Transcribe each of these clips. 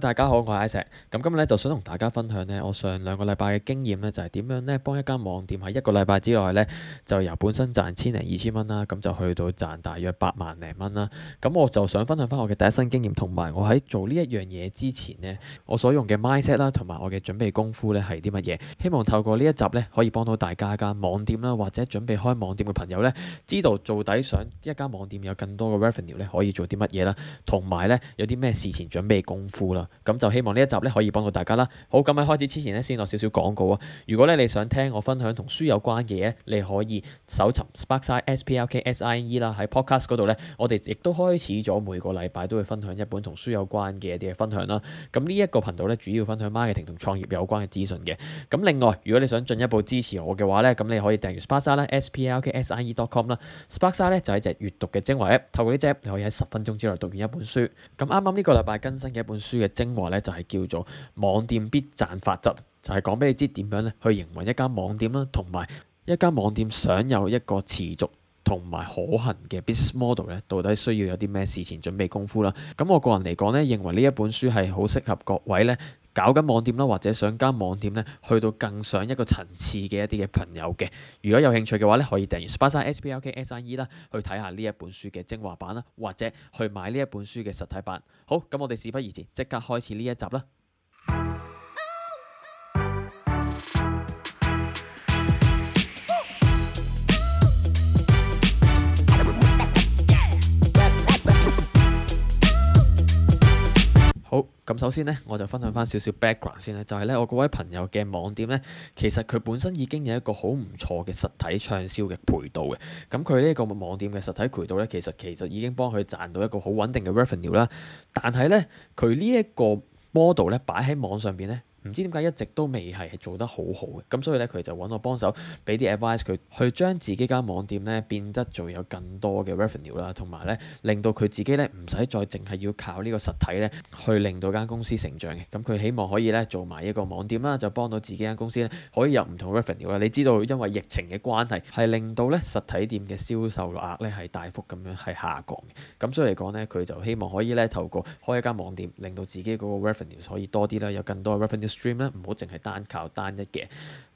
大家好，我係 Ice。咁今日咧就想同大家分享呢，我上兩個禮拜嘅經驗呢就係點樣呢，幫一間網店喺一個禮拜之內呢，就由本身賺千零二千蚊啦，咁就去到賺大約八萬零蚊啦。咁我就想分享翻我嘅第一身經驗，同埋我喺做呢一樣嘢之前呢，我所用嘅 mindset 啦，同埋我嘅準備功夫呢係啲乜嘢？希望透過呢一集呢，可以幫到大家間網店啦，或者準備開網店嘅朋友呢，知道到底想一間網店有更多嘅 Revenue 呢，可以做啲乜嘢啦，同埋呢，有啲咩事前準備功夫。啦，咁就希望呢一集咧可以幫到大家啦。好，咁喺開始之前咧，先落少少廣告啊。如果咧你想聽我分享同書有關嘅嘢，你可以搜尋 Sparksine S P A R K S I N E 啦，喺 Podcast 度咧，我哋亦都開始咗每個禮拜都會分享一本同書有關嘅一啲嘅分享啦。咁呢一個頻道咧，主要分享 marketing 同創業有關嘅資訊嘅。咁另外，如果你想進一步支持我嘅話咧，咁你可以訂閱、er, Sparksine 啦，S P A R K S I N E dot com 啦。Sparksine 咧就係、是、一隻閱讀嘅精華 App，透過呢隻 App 你可以喺十分鐘之內讀完一本書。咁啱啱呢個禮拜更新嘅一本。本書嘅精華咧就係叫做網店必賺法則，就係講俾你知點樣咧去營運一間網店啦，同埋一間網店想有一個持續同埋可行嘅 business model 咧，到底需要有啲咩事前準備功夫啦？咁我個人嚟講咧，認為呢一本書係好適合各位咧，搞緊網店啦，或者上間網店咧，去到更上一個層次嘅一啲嘅朋友嘅，如果有興趣嘅話咧，可以訂閱 Sparce s p l k SIE 啦，e，去睇下呢一本書嘅精華版啦，或者去買呢一本書嘅實體版。好，咁我哋事不宜遲，即刻開始呢一集啦。好，咁首先咧，我就分享翻少少 background 先啦，就係咧，我嗰位朋友嘅網店咧，其實佢本身已經有一個好唔錯嘅實體暢銷嘅渠道嘅，咁佢呢個網店嘅實體渠道咧，其實其實已經幫佢賺到一個好穩定嘅 revenue 啦，但係咧，佢呢一個 model 咧擺喺網上邊咧。唔知點解一直都未係做得好好嘅，咁所以呢，佢就揾我幫手俾啲 advice，佢去將自己間網店呢變得仲有更多嘅 revenue 啦，同埋呢，令到佢自己呢唔使再淨係要靠呢個實體呢去令到間公司成長嘅，咁佢希望可以呢做埋一個網店啦，就幫到自己間公司呢可以有唔同 revenue 啦。你知道因為疫情嘅關係係令到呢實體店嘅銷售額呢係大幅咁樣係下降嘅，咁所以嚟講呢，佢就希望可以呢透過開一間網店，令到自己嗰個 revenue 可以多啲啦，有更多 revenue。Stream 咧唔好淨係單靠單一嘅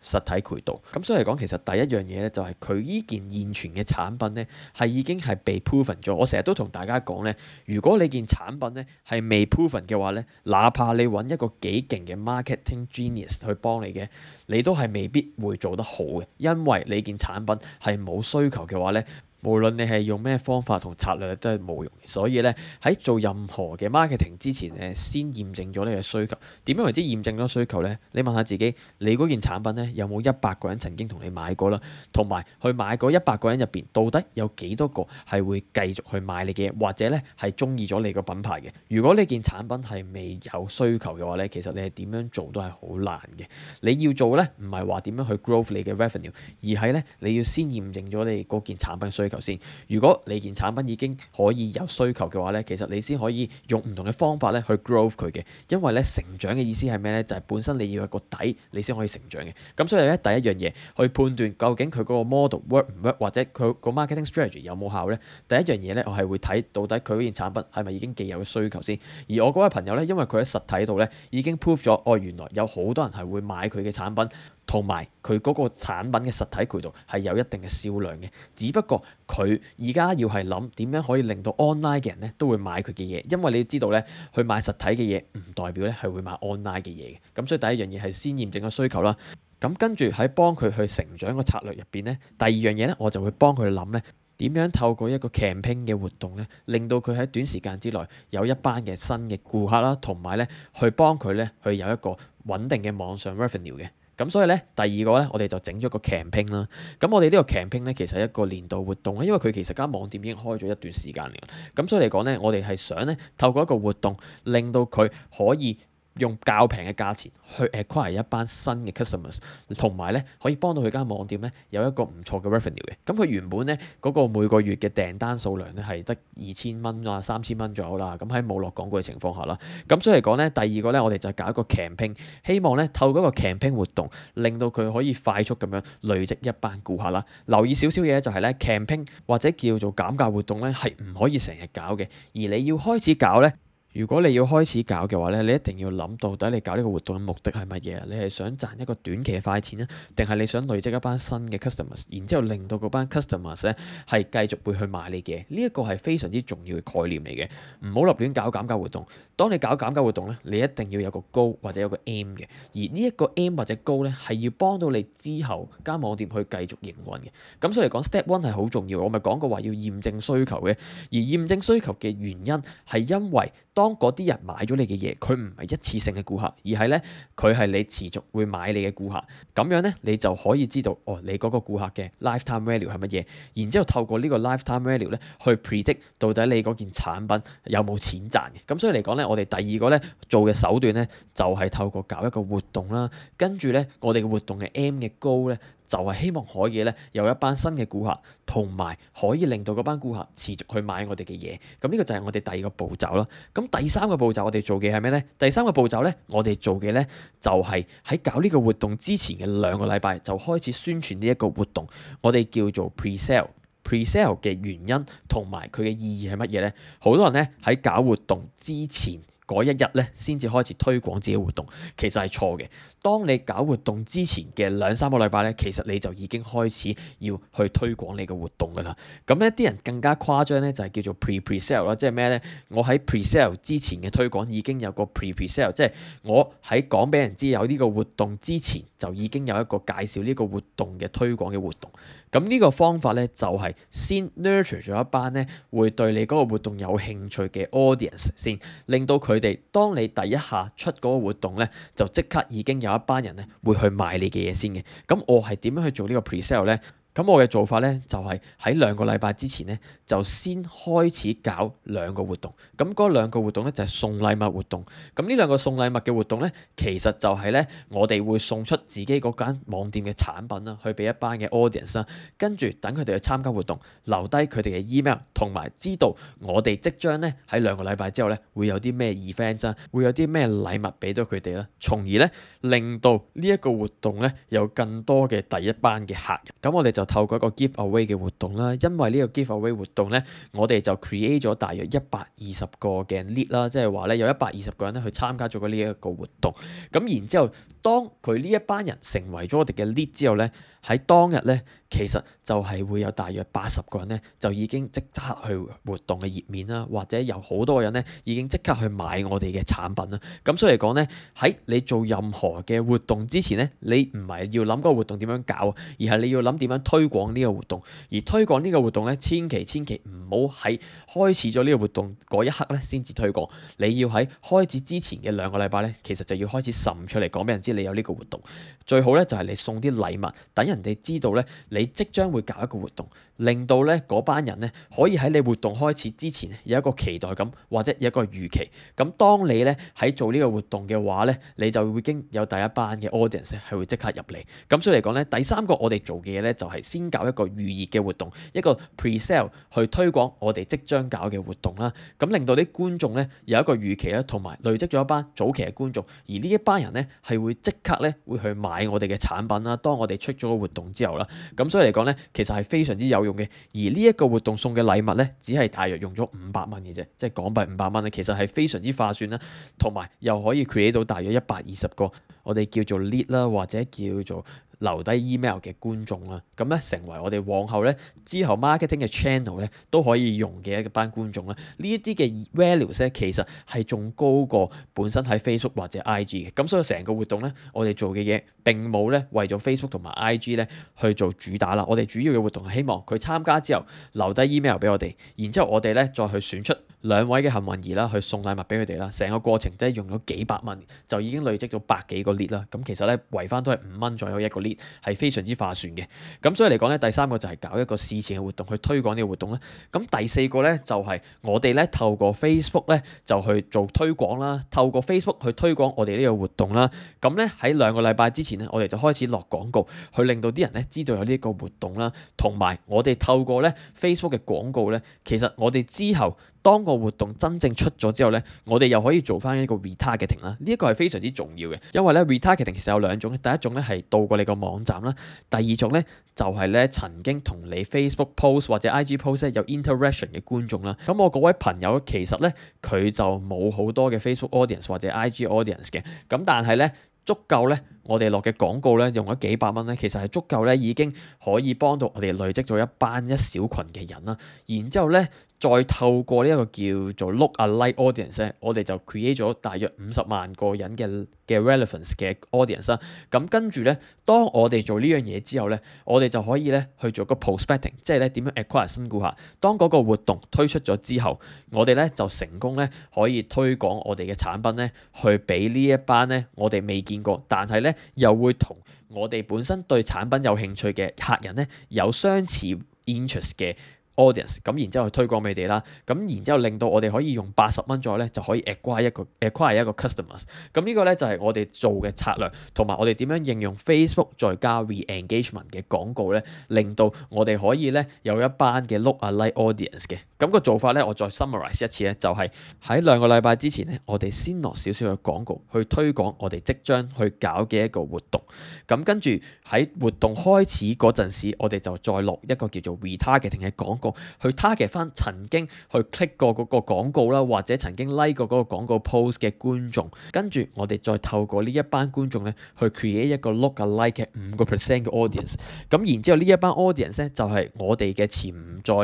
實體渠道。咁所以嚟講，其實第一樣嘢咧就係佢依件現存嘅產品咧係已經係被 proven 咗。我成日都同大家講咧，如果你件產品咧係未 proven 嘅話咧，哪怕你揾一個幾勁嘅 marketing genius 去幫你嘅，你都係未必會做得好嘅，因為你件產品係冇需求嘅話咧。無論你係用咩方法同策略都係冇用，所以咧喺做任何嘅 marketing 之前咧，先驗證咗你嘅需求。點樣為之驗證咗需求咧？你問下自己，你嗰件產品咧有冇一百個人曾經同你買過啦，同埋去買嗰一百個人入邊，到底有幾多個係會繼續去買你嘅嘢，或者咧係中意咗你個品牌嘅？如果呢件產品係未有需求嘅話咧，其實你係點樣做都係好難嘅。你要做咧，唔係話點樣去 grow 你嘅 revenue，而係咧你要先驗證咗你嗰件產品需求。先，如果你件產品已經可以有需求嘅話咧，其實你先可以用唔同嘅方法咧去 grow 佢嘅，因為咧成長嘅意思係咩咧？就係、是、本身你要有個底，你先可以成長嘅。咁所以咧，第一樣嘢去判斷究竟佢嗰個 model work 唔 work，或者佢個 marketing strategy 有冇效咧？第一樣嘢咧，我係會睇到底佢嗰件產品係咪已經既有嘅需求先。而我嗰位朋友咧，因為佢喺實體度咧已經 prove 咗，哦，原來有好多人係會買佢嘅產品。同埋佢嗰個產品嘅實體渠道係有一定嘅銷量嘅，只不過佢而家要係諗點樣可以令到 online 嘅人咧都會買佢嘅嘢，因為你知道咧去買實體嘅嘢唔代表咧係會買 online 嘅嘢嘅。咁所以第一樣嘢係先驗證個需求啦。咁跟住喺幫佢去成長個策略入邊咧，第二樣嘢咧我就會幫佢諗咧點樣透過一個 campaign 嘅活動咧，令到佢喺短時間之內有一班嘅新嘅顧客啦，同埋咧去幫佢咧去有一個穩定嘅網上 revenue 嘅。咁所以咧，第二個咧，我哋就整咗個 campaign 啦。咁我哋呢個 campaign 咧，其實係一個年度活動啦，因為佢其實間網店已經開咗一段時間嚟。咁所以嚟講咧，我哋係想咧透過一個活動，令到佢可以用較平嘅價錢去 acquire 一班新嘅 customers，同埋咧可以幫到佢間網店咧有一個唔錯嘅 revenue 嘅。咁佢原本咧嗰個每個月嘅訂單數量咧係得二千蚊啊三千蚊左右啦。咁喺冇落廣告嘅情況下啦，咁所以嚟講咧第二個咧我哋就搞一個 campaign，希望咧透過一個 campaign 活動令到佢可以快速咁樣累積一班顧客啦。留意少少嘢就係咧 campaign 或者叫做減價活動咧係唔可以成日搞嘅，而你要開始搞咧。如果你要開始搞嘅話咧，你一定要諗到底你搞呢個活動嘅目的係乜嘢？你係想賺一個短期嘅快錢咧，定係你想累積一班新嘅 customers，然之後令到嗰班 customers 咧係繼續會去買你嘅？呢一個係非常之重要嘅概念嚟嘅。唔好立亂搞減價活動。當你搞減價活動咧，你一定要有個 goal 或者有個 aim 嘅。而呢一個 aim 或者 goal 咧係要幫到你之後間網店去繼續營運嘅。咁所以嚟講，step one 係好重要。我咪講過話要驗證需求嘅。而驗證需求嘅原因係因為。當嗰啲人買咗你嘅嘢，佢唔係一次性嘅顧客，而係呢，佢係你持續會買你嘅顧客。咁樣呢，你就可以知道哦，你嗰個顧客嘅 lifetime value 係乜嘢。然之後透過呢個 lifetime value 呢，去 predict 到底你嗰件產品有冇錢賺嘅。咁所以嚟講呢，我哋第二個呢做嘅手段呢，就係、是、透過搞一個活動啦。跟住呢，我哋嘅活動嘅 M 嘅 goal 呢。就係希望可以咧，有一班新嘅顧客，同埋可以令到嗰班顧客持續去買我哋嘅嘢。咁呢個就係我哋第二個步驟啦。咁第三個步驟我哋做嘅係咩呢？第三個步驟呢，我哋做嘅呢，就係喺搞呢個活動之前嘅兩個禮拜就開始宣傳呢一個活動。我哋叫做 pre-sale，pre-sale 嘅 pre 原因同埋佢嘅意義係乜嘢呢？好多人呢，喺搞活動之前，嗰一日咧，先至開始推廣自己活動，其實係錯嘅。當你搞活動之前嘅兩三個禮拜咧，其實你就已經開始要去推廣你嘅活動噶啦。咁呢啲人更加誇張咧，就係、是、叫做 pre pre sale 咯。Sell，即係咩咧？我喺 pre sale 之前嘅推廣已經有個 pre pre sale，即係我喺講俾人知有呢個活動之前，就已經有一個介紹呢個活動嘅推廣嘅活動。咁呢個方法咧，就係先 nurture 咗一班咧會對你嗰個活動有興趣嘅 audience 先，令到佢哋當你第一下出嗰個活動咧，就即刻已經有一班人咧會去買你嘅嘢先嘅。咁我係點樣去做呢個 pre-sale 咧？咁我嘅做法咧，就係喺兩個禮拜之前咧，就先開始搞兩個活動，咁嗰兩個活動咧，就係送禮物活動，咁呢兩個送禮物嘅活動咧，其實就係咧，我哋會送出自己嗰間網店嘅產品啦，去俾一班嘅 audience 啦。跟住等佢哋去參加活動，留低佢哋嘅 email，同埋知道我哋即將咧喺兩個禮拜之後咧，會有啲咩 event 啊，會有啲咩禮物俾到佢哋啦，從而咧令到呢一個活動咧有更多嘅第一班嘅客人。咁我哋就。透過一個 give away 嘅活動啦，因為呢個 give away 活動咧，我哋就 create 咗大約一百二十個嘅 lead 啦，即係話咧有一百二十個人咧去參加咗呢一個活動，咁然之後當佢呢一班人成為咗我哋嘅 lead 之後咧，喺當日咧。其實就係會有大約八十個人咧，就已經即刻去活動嘅頁面啦，或者有好多人咧已經即刻去買我哋嘅產品啦。咁所以嚟講咧，喺你做任何嘅活動之前咧，你唔係要諗嗰個活動點樣搞，而係你要諗點樣推廣呢個活動。而推廣呢個活動咧，千祈千祈唔好喺開始咗呢個活動嗰一刻咧先至推廣。你要喺開始之前嘅兩個禮拜咧，其實就要開始滲出嚟講俾人知你有呢個活動。最好咧就係你送啲禮物，等人哋知道咧你。你即將會搞一個活動，令到咧嗰班人咧可以喺你活動開始之前有一個期待感，或者有一個預期。咁當你咧喺做呢個活動嘅話咧，你就會經有第一班嘅 audience 係會即刻入嚟。咁所以嚟講咧，第三個我哋做嘅嘢咧就係先搞一個預熱嘅活動，一個 pre-sale 去推廣我哋即將搞嘅活動啦。咁令到啲觀眾咧有一個預期啦，同埋累積咗一班早期嘅觀眾，而呢一班人咧係會即刻咧會去買我哋嘅產品啦。當我哋出咗個活動之後啦，咁。所以嚟講咧，其實係非常之有用嘅。而呢一個活動送嘅禮物咧，只係大約用咗五百蚊嘅啫，即係港幣五百蚊咧。其實係非常之划算啦，同埋又可以 create 到大約一百二十個我哋叫做 lead 啦，或者叫做。留低 email 嘅觀眾啦，咁咧成為我哋往後咧之後 marketing 嘅 channel 咧都可以用嘅一班觀眾咧，呢一啲嘅 values 咧其實係仲高過本身喺 Facebook 或者 IG 嘅，咁所以成個活動咧我哋做嘅嘢並冇咧為咗 Facebook 同埋 IG 咧去做主打啦，我哋主要嘅活動係希望佢參加之後留低 email 俾我哋，然之後我哋咧再去選出兩位嘅幸運兒啦去送禮物俾佢哋啦，成個過程真係用咗幾百蚊就已經累積咗百幾個 lead 啦，咁其實咧圍翻都係五蚊左右一個 lead。係非常之划算嘅，咁所以嚟講咧，第三個就係搞一個事前嘅活動去推廣呢個活動啦。咁第四個咧就係、是、我哋咧透過 Facebook 咧就去做推廣啦，透過 Facebook 去推廣我哋呢個活動啦。咁咧喺兩個禮拜之前咧，我哋就開始落廣告去令到啲人咧知道有呢個活動啦，同埋我哋透過咧 Facebook 嘅廣告咧，其實我哋之後。當個活動真正出咗之後呢，我哋又可以做翻一個 retargeting 啦。呢一個係非常之重要嘅，因為呢 retargeting 其實有兩種，第一種呢，係到過你個網站啦，第二種呢，就係呢曾經同你 Facebook post 或者 IG post 有 interaction 嘅觀眾啦。咁我嗰位朋友其實呢，佢就冇好多嘅 Facebook audience 或者 IG audience 嘅，咁但係呢，足夠呢，我哋落嘅廣告呢，用咗幾百蚊呢，其實係足夠呢，已經可以幫到我哋累積咗一班一小群嘅人啦。然之後呢。再透過呢一個叫做 Look-alike Audience 咧，我哋就 create 咗大約五十萬個人嘅嘅 relevance 嘅 audience 啦、啊。咁跟住咧，當我哋做呢樣嘢之後咧，我哋就可以咧去做個 prospecting，即係咧點樣 acquire 新顧客。當嗰個活動推出咗之後，我哋咧就成功咧可以推廣我哋嘅產品咧，去俾呢一班咧我哋未見過，但係咧又會同我哋本身對產品有興趣嘅客人咧有相似 interest 嘅。audience，咁然之後去推廣畀你哋啦，咁然之後令到我哋可以用八十蚊左右咧就可以 acquire 一個 acquire 一個 customers，咁呢個咧就係我哋做嘅策略，同埋我哋點樣應用 Facebook 再加 re-engagement 嘅廣告咧，令到我哋可以咧有一班嘅 look 啊 like audience 嘅，咁個做法咧我再 summarize 一次咧，就係喺兩個禮拜之前咧，我哋先落少少嘅廣告去推廣我哋即將去搞嘅一個活動，咁跟住喺活動開始嗰陣時，我哋就再落一個叫做 retargeting 嘅廣告。去 target 翻曾經去 click 過嗰個廣告啦，或者曾經 like 過嗰個廣告 post 嘅觀眾，跟住我哋再透過呢一班觀眾咧，去 create 一個 look alike 嘅五個 percent 嘅 audience，咁然之後呢一班 audience 咧就係我哋嘅潛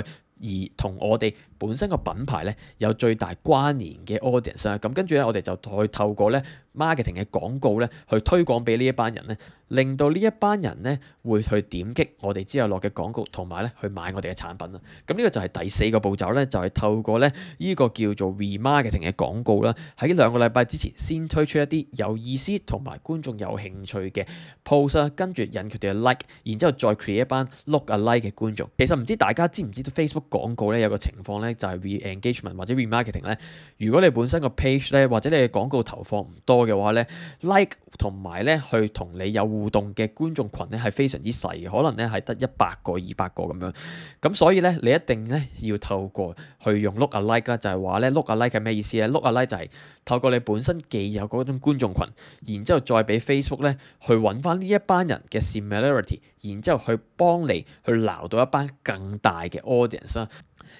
在而同我哋本身個品牌咧有最大關聯嘅 audience 啊，咁跟住咧我哋就再透過咧。marketing 嘅廣告咧，去推廣俾呢一班人咧，令到呢一班人咧會去點擊我哋之後落嘅廣告，同埋咧去買我哋嘅產品啊。咁、嗯、呢、呢個就係第四個步驟咧，就係、是、透過咧依、呢個叫做 remarketing 嘅廣告啦。喺兩個禮拜之前先推出一啲有意思同埋觀眾有興趣嘅 post 啦，跟住引佢哋嘅 like，然之後再 create 一班 look a like 嘅觀眾。其實唔知大家知唔知道 Facebook 廣告咧有個情況咧，就係、是、re-engagement 或者 remarketing 咧，如果你本身個 page 咧或者你嘅廣告投放唔多。嘅話咧，like 同埋咧，去同你有互動嘅觀眾群咧，係非常之細嘅，可能咧係得一百個、二百個咁樣。咁所以咧，你一定咧要透過去用 lookalike 啦，就係話咧 lookalike 係咩意思咧？lookalike 就係透過你本身既有嗰種觀眾群，然之後再俾 Facebook 咧去揾翻呢一班人嘅 similarity，然之後去幫你去撈到一班更大嘅 audience 啦。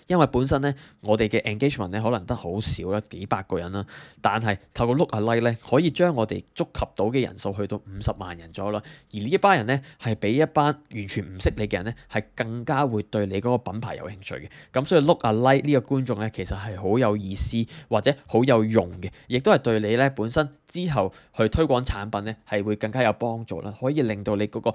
因為本身咧，我哋嘅 engagement 咧可能得好少啦，幾百個人啦。但係透過 lookalike 咧，可以將我哋觸及到嘅人數去到五十萬人左右啦。而呢一班人咧，係俾一班完全唔識你嘅人咧，係更加會對你嗰個品牌有興趣嘅。咁所以 lookalike 呢個觀眾咧，其實係好有意思或者好有用嘅，亦都係對你咧本身之後去推廣產品咧係會更加有幫助啦，可以令到你嗰、嗰個。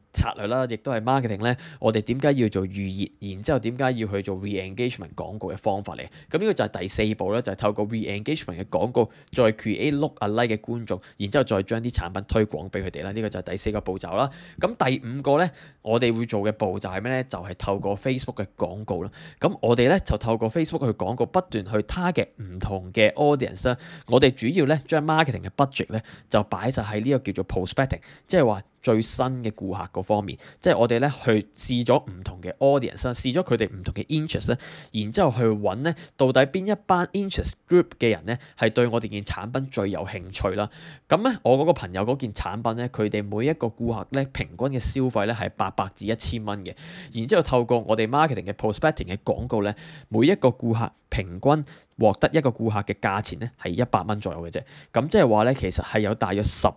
策略啦，亦都係 marketing 咧。我哋點解要做預熱，然之後點解要去做 re-engagement 廣告嘅方法嚟？咁、這、呢個就係第四步啦，就是、透過 re-engagement 嘅廣告再 create look a like 嘅觀眾，然之後再將啲產品推廣俾佢哋啦。呢、這個就係第四個步驟啦。咁第五個咧，我哋會做嘅步驟係咩咧？就係、是、透過 Facebook 嘅廣告啦。咁我哋咧就透過 Facebook 去廣告不斷去 target 唔同嘅 audience 啦。我哋主要咧將 marketing 嘅 budget 咧就擺實喺呢個叫做 prospecting，即係話。最新嘅顧客嗰方面，即係我哋咧去試咗唔同嘅 audience 啦，試咗佢哋唔同嘅 interest 咧，然之後去揾咧，到底邊一班 interest group 嘅人咧係對我哋件產品最有興趣啦。咁、嗯、咧，我嗰個朋友嗰件產品咧，佢哋每一個顧客咧平均嘅消費咧係八百至一千蚊嘅。然之後透過我哋 marketing 嘅 prospecting 嘅廣告咧，每一個顧客平均獲得一個顧客嘅價錢咧係一百蚊左右嘅啫。咁即係話咧，其實係有大約十。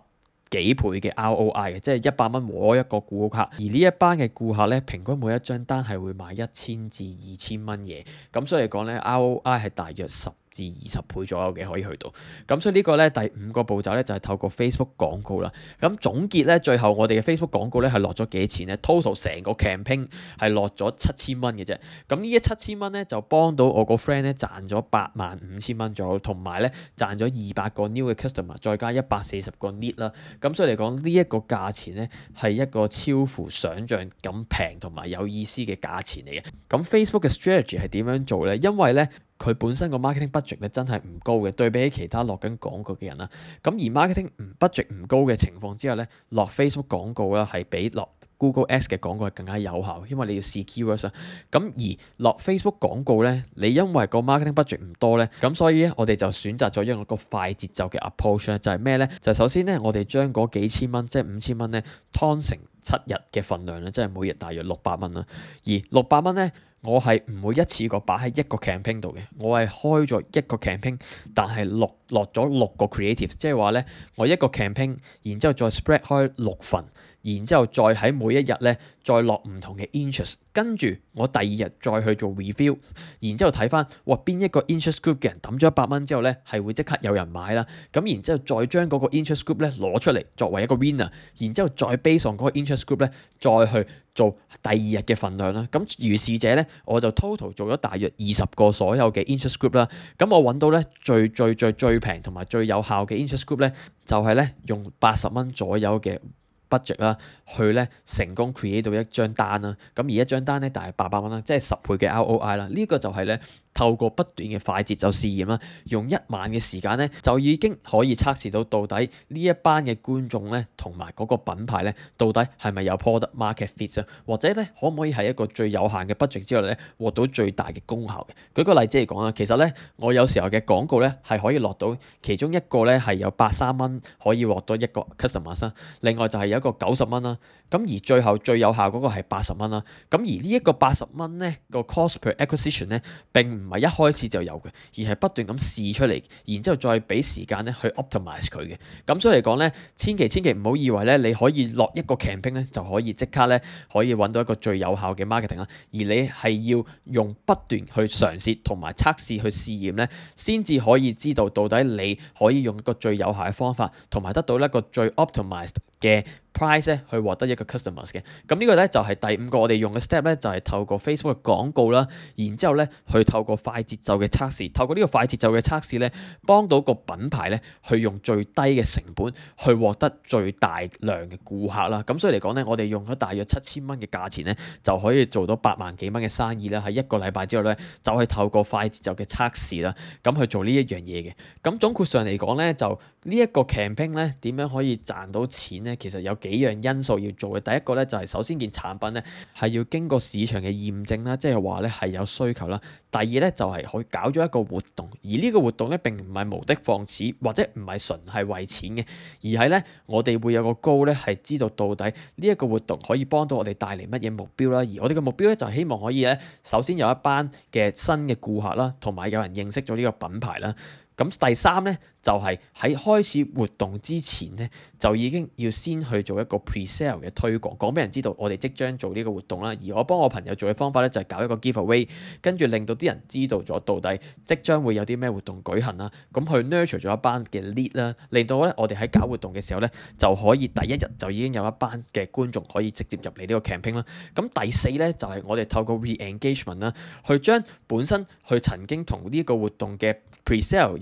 幾倍嘅 ROI 嘅，即係一百蚊和一個顧客，而呢一班嘅顧客咧，平均每一張單係會買一千至二千蚊嘢，咁所以講咧 ROI 係大約十。至二十倍左右嘅可以去到，咁所以呢個呢第五個步驟呢，就係、是、透過 Facebook 廣告啦。咁總結呢，最後我哋嘅 Facebook 廣告呢，係落咗幾錢呢 Total 成個 campaign 係落咗七千蚊嘅啫。咁呢一七千蚊呢，就幫到我個 friend 呢賺咗八萬五千蚊左右，同埋呢賺咗二百個 new 嘅 customer，再加一百四十個 lead 啦。咁所以嚟講，呢、這、一個價錢呢，係一個超乎想像咁平同埋有意思嘅價錢嚟嘅。咁 Facebook 嘅 strategy 係點樣做呢？因為呢。佢本身個 marketing budget 咧真係唔高嘅，對比起其他落緊廣告嘅人啦。咁而 marketing 唔 budget 唔高嘅情況之下咧，落 Facebook 廣告啦，係比落 Google Ads 嘅廣告係更加有效，因為你要試 keywords。咁而落 Facebook 廣告咧，你因為個 marketing budget 唔多咧，咁所以咧我哋就選擇咗一個快節奏嘅 approach。就係咩咧？就係首先咧，我哋將嗰幾千蚊，即係五千蚊咧，攤成七日嘅份量咧，即係每日大約六百蚊啦。而六百蚊咧。我係唔會一次過擺喺一個 campaign 度嘅，我係開咗一個 campaign，但係落落咗六個 creative，即係話呢，我一個 campaign，然之後再 spread 開六份。然之後再，再喺每一日咧，再落唔同嘅 interest。跟住我第二日再去做 review，然之後睇翻哇邊一個 interest group 嘅人抌咗一百蚊之後咧，係會即刻有人買啦。咁然之後再將嗰個 interest group 咧攞出嚟作為一個 winner。然之後再 based on 嗰個 interest group 咧，再去做第二日嘅份量啦。咁如是者咧，我就 total 做咗大約二十個所有嘅 interest group 啦。咁我揾到咧最最最最平同埋最有效嘅 interest group 咧，就係咧用八十蚊左右嘅。budget 啦，去咧成功 create 到一張單啦，咁而一張單咧，大概八百蚊啦，即係十倍嘅 ROI 啦，呢個就係咧。透過不斷嘅快節奏試驗啦，用一晚嘅時間咧，就已經可以測試到到底呢一班嘅觀眾咧，同埋嗰個品牌咧，到底係咪有 product market fit 啊？或者咧，可唔可以係一個最有限嘅 budget 之內咧，獲到最大嘅功效嘅？舉個例子嚟講啊，其實咧，我有時候嘅廣告咧，係可以落到其中一個咧，係有八三蚊可以獲到一個 customer 身，另外就係有一個九十蚊啦。咁而最後最有效嗰個係八十蚊啦。咁而呢一個八十蚊咧，個 cost per acquisition 咧並唔唔係一開始就有嘅，而係不斷咁試出嚟，然之後再俾時間咧去 optimize 佢嘅。咁所以嚟講咧，千祈千祈唔好以為咧你可以落一個 campaign 咧就可以即刻咧可以揾到一個最有效嘅 marketing 啦。而你係要用不斷去嘗試同埋測試去試驗咧，先至可以知道到底你可以用一個最有效嘅方法，同埋得到一個最 optimized 嘅。Price 咧去獲得一個 customers 嘅，咁呢個咧就係、是、第五個我哋用嘅 step 咧，就係、是、透過 Facebook 嘅廣告啦，然之後咧去透過快節奏嘅測試，透過呢個快節奏嘅測試咧，幫到個品牌咧去用最低嘅成本去獲得最大量嘅顧客啦。咁所以嚟講咧，我哋用咗大約七千蚊嘅價錢咧，就可以做到八萬幾蚊嘅生意啦。喺一個禮拜之後咧，就去、是、透過快節奏嘅測試啦，咁去做呢一樣嘢嘅。咁總括上嚟講咧，就呢一個 campaign 咧點樣可以賺到錢咧，其實有幾樣因素要做嘅，第一個咧就係首先件產品咧係要經過市場嘅驗證啦，即係話咧係有需求啦。第二咧就係可以搞咗一個活動，而呢個活動咧並唔係無的放矢或者唔係純係為錢嘅，而係咧我哋會有個 goal 咧係知道到底呢一個活動可以幫到我哋帶嚟乜嘢目標啦。而我哋嘅目標咧就係希望可以咧首先有一班嘅新嘅顧客啦，同埋有人認識咗呢個品牌啦。咁第三咧就係喺開始活動之前咧，就已經要先去做一個 pre-sale 嘅推廣，講俾人知道我哋即將做呢個活動啦。而我幫我朋友做嘅方法咧就係搞一個 giveaway，跟住令到啲人知道咗到底即將會有啲咩活動舉行啦。咁去 nurture 咗一班嘅 lead 啦，令到咧我哋喺搞活動嘅時候咧，就可以第一日就已經有一班嘅觀眾可以直接入嚟呢個 campaign 啦。咁第四咧就係我哋透過 re-engagement 啦，去將本身佢曾經同呢個活動嘅 pre-sale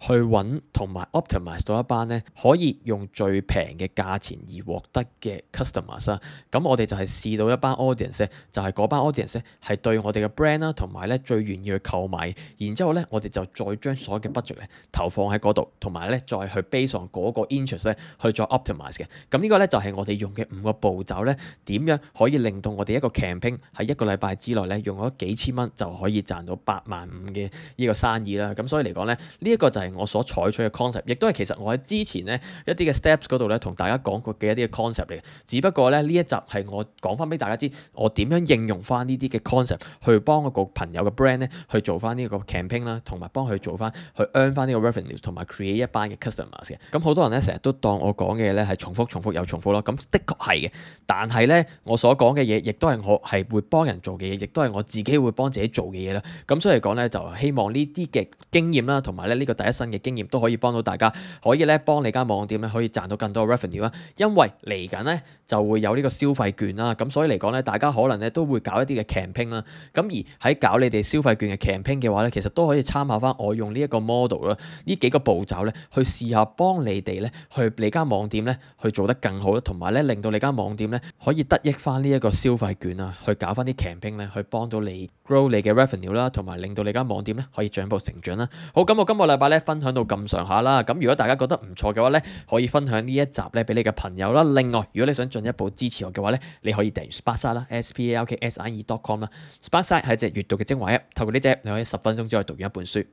去揾同埋 optimize 到一班咧可以用最平嘅價錢而獲得嘅 customers 啦、啊。咁我哋就係試到一班 audience 咧，就係、是、嗰班 audience 咧係對我哋嘅 brand 啦同埋咧最願意去購買，然之後咧，我哋就再將所有嘅 budget 咧投放喺嗰度，同埋咧再去 base on 嗰個 interest 咧去再 optimize 嘅。咁呢個咧就係、是、我哋用嘅五個步驟咧，點樣可以令到我哋一個 campaign 喺一個禮拜之內咧用咗幾千蚊就可以賺到八萬五嘅呢個生意啦。咁所以嚟講咧，呢、這、一個就係、是。我所採取嘅 concept，亦都係其實我喺之前咧一啲嘅 steps 度咧，同大家講過嘅一啲嘅 concept 嚟嘅。只不過咧呢一集係我講翻俾大家知，我點樣應用翻呢啲嘅 concept 去幫一個朋友嘅 brand 咧去做翻呢個 campaign 啦、啊，同埋幫佢做翻去 earn 翻呢個 revenue，同埋 create 一班嘅 customers 嘅。咁、嗯、好多人咧成日都當我講嘅嘢咧係重複重複又重複咯。咁的確係嘅，但係咧我所講嘅嘢，亦都係我係會幫人做嘅嘢，亦都係我自己會幫自己做嘅嘢啦。咁、嗯、所以嚟講咧，就希望呢啲嘅經驗啦，同埋咧呢個第一。新嘅經驗都可以幫到大家，可以咧幫你間網店咧可以賺到更多 revenue 啦。因為嚟緊咧就會有呢個消費券啦，咁所以嚟講咧大家可能咧都會搞一啲嘅 campaign 啦。咁而喺搞你哋消費券嘅 campaign 嘅話咧，其實都可以參考翻我用呢一個 model 啦，呢幾個步驟咧去試下幫你哋咧去你間網店咧去做得更好啦，同埋咧令到你間網店咧可以得益翻呢一個消費券啊，去搞翻啲 campaign 咧去幫到你 grow 你嘅 revenue 啦，同埋令到你間網店咧可以進步成長啦。好，咁我今個禮拜咧。分享到咁上下啦，咁如果大家覺得唔錯嘅話呢，可以分享呢一集呢俾你嘅朋友啦。另外，如果你想進一步支持我嘅話呢，你可以訂閱 SparkSine 啦，s p a r k s i n e dot com 啦。SparkSine 係隻閲讀嘅精華 App，透過呢隻你可以十分鐘之內讀完一本書。